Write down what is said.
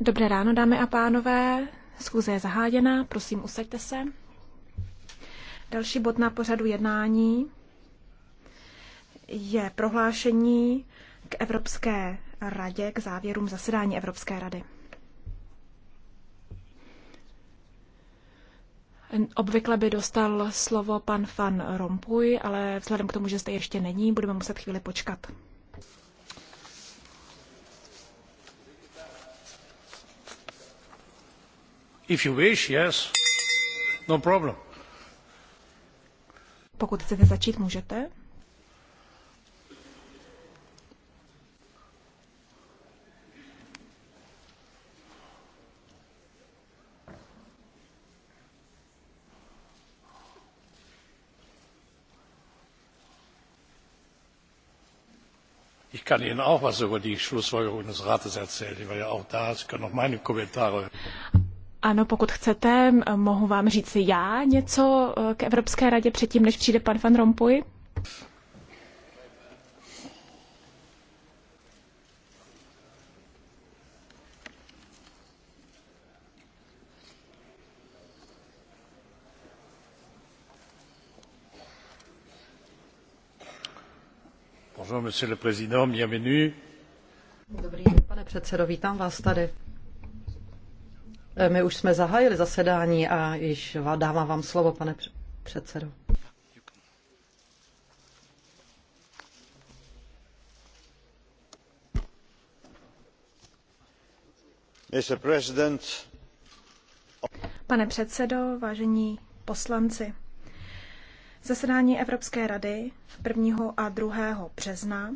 Dobré ráno, dámy a pánové. Schůze je prosím, usaďte se. Další bod na pořadu jednání je prohlášení k Evropské radě, k závěrům zasedání Evropské rady. Obvykle by dostal slovo pan Van Rompuy, ale vzhledem k tomu, že zde ještě není, budeme muset chvíli počkat. If you wish, yes. No problem. Pokud chcete začít, můžete. Ich kann Ihnen auch was über die des Rates erzählen. war ja auch da. können auch meine Kommentare. Ano, pokud chcete, mohu vám říct já něco e, k Evropské radě předtím, než přijde pan Van Rompuy. Dobrý den, pane předsedo, vítám vás tady. Eh, my už jsme zahájili zasedání a již dávám vám slovo, pane předsedo. Pane předsedo, vážení poslanci, zasedání Evropské rady 1. a 2. března